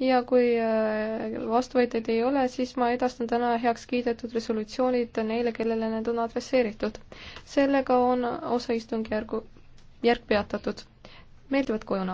ja kui äh, vastuvõtjaid ei ole, siis ma edastan täna heaks kiidetud resolutsioonid neile, kellele need on adresseeritud. sellega on osa istungjärgu, järg peatatud. meeldivat koju!